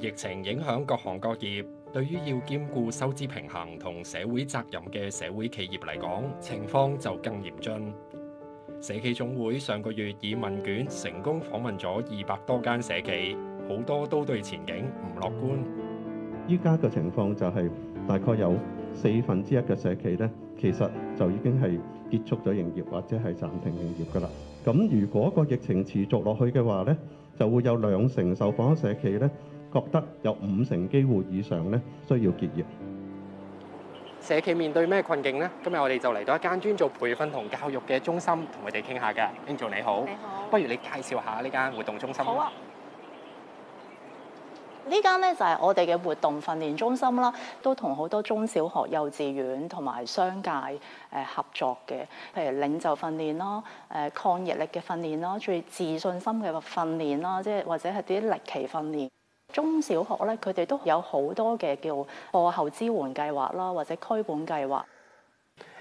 疫情影響各行各業，對於要兼顧收支平衡同社會責任嘅社會企業嚟講，情況就更嚴峻。社企總會上個月以問卷成功訪問咗二百多間社企，好多都對前景唔樂觀。依家嘅情況就係大概有四分之一嘅社企咧，其實就已經係結束咗營業或者係暫停營業噶啦。咁如果個疫情持續落去嘅話咧，就會有兩成受訪社企咧，覺得有五成機會以上咧，需要結業。社企面對咩困境咧？今日我哋就嚟到一間專做培訓同教育嘅中心，同佢哋傾下嘅。英俊你好，你好，不如你介紹下呢間活動中心啦。好啊，間呢間咧就係、是、我哋嘅活動訓練中心啦，都同好多中小學、幼稚園同埋商界誒合作嘅，譬如領袖訓練啦、誒抗逆力嘅訓練啦、最自信心嘅訓練啦，即係或者係啲歷奇訓練。中小學咧，佢哋都有好多嘅叫課後支援計劃啦，或者區本計劃。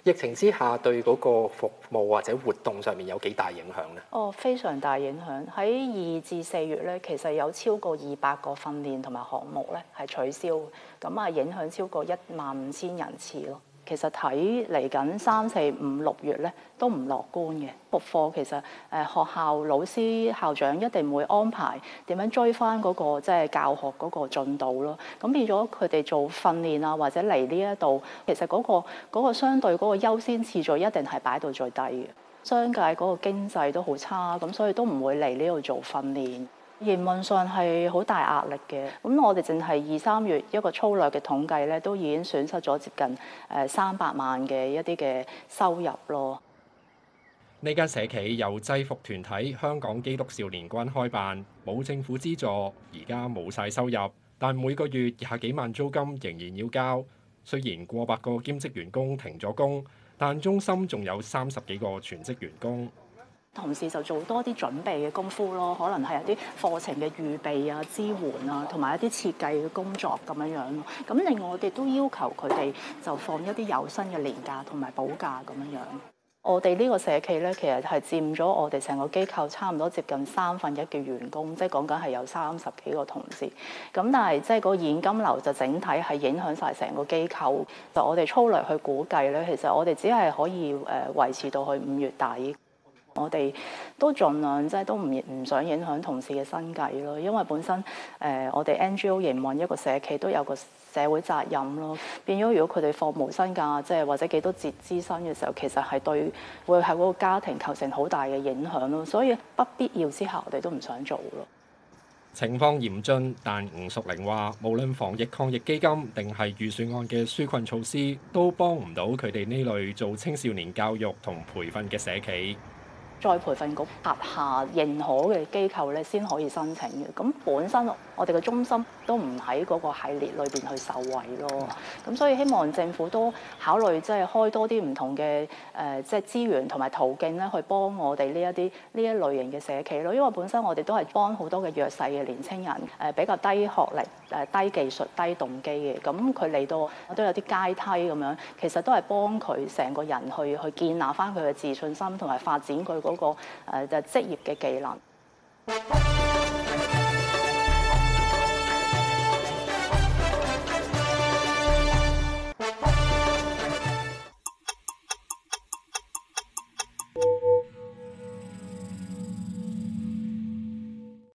疫情之下對嗰個服務或者活動上面有幾大影響呢？哦，非常大影響。喺二至四月咧，其實有超過二百個訓練同埋項目咧係取消嘅，咁啊影響超過一萬五千人次咯。其實睇嚟緊三四五六月咧都唔樂觀嘅。復課其實誒學校老師校長一定會安排點樣追翻嗰、嗰個即係、即係、教學嗰個進度咯。咁變咗佢哋做訓練啊，或者嚟呢一度，其實嗰、嗰個嗰個相對嗰個優先次序一定係擺到最低嘅。商界嗰個經濟都好差，咁所以都唔會嚟呢度做訓練。營運上係好大壓力嘅，咁我哋淨係二三月一個粗略嘅統計咧，都已經損失咗接近誒三百萬嘅一啲嘅收入咯。呢間社企由制服團體香港基督少年軍開辦，冇政府資助，而家冇晒收入，但每個月廿幾萬租金仍然要交。雖然過百個兼職員工停咗工，但中心仲有三十幾個全職員工。同事就做多啲準備嘅功夫咯，可能係有啲課程嘅預備啊、支援啊，同埋一啲設計嘅工作咁樣樣咯。咁另外我哋都要求佢哋就放一啲有薪嘅年假同埋補假咁樣樣，我哋呢個社企咧，其實，係佔咗我哋成個機構差唔多接近三分一嘅員工，即係講緊，係有三十幾個同事。咁但係即係個現金流就整體係影響晒成個機構，就我哋粗略去估計咧，其實，我哋只係可以誒維持到去五月底。我哋都盡量即係都唔唔想影響同事嘅生計咯，因為本身誒我哋 N G O 營運一個社企都有個社會責任咯。變咗如果佢哋放無薪假，即係或者幾多節資薪嘅時候，其實係對會喺嗰個家庭構成好大嘅影響咯。所以不必要之下，我哋都唔想做咯。情況嚴峻，但吳淑玲話，無論防疫抗疫基金定係預算案嘅紓困措施，都幫唔到佢哋呢類做青少年教育同培訓嘅社企。再培訓局轄下認可嘅機構咧，先可以申請嘅。咁本身我哋嘅中心都唔喺嗰個系列裏邊去受惠咯。咁所以希望政府都考慮即係開多啲唔同嘅誒，即係資源同埋途徑咧，去幫我哋呢一啲呢一類型嘅社企咯。因為本身我哋都係幫好多嘅弱勢嘅年青人，誒比較低學歷、誒低技術、低動機嘅。咁佢嚟到都有啲階梯咁樣，其實都係幫佢成個人去去建立翻佢嘅自信心同埋發展佢。嗰個誒就職業嘅技能。